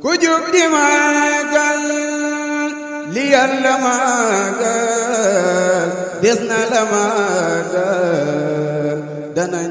ku jub di màggal li Yàlla màggal des la màggal danañ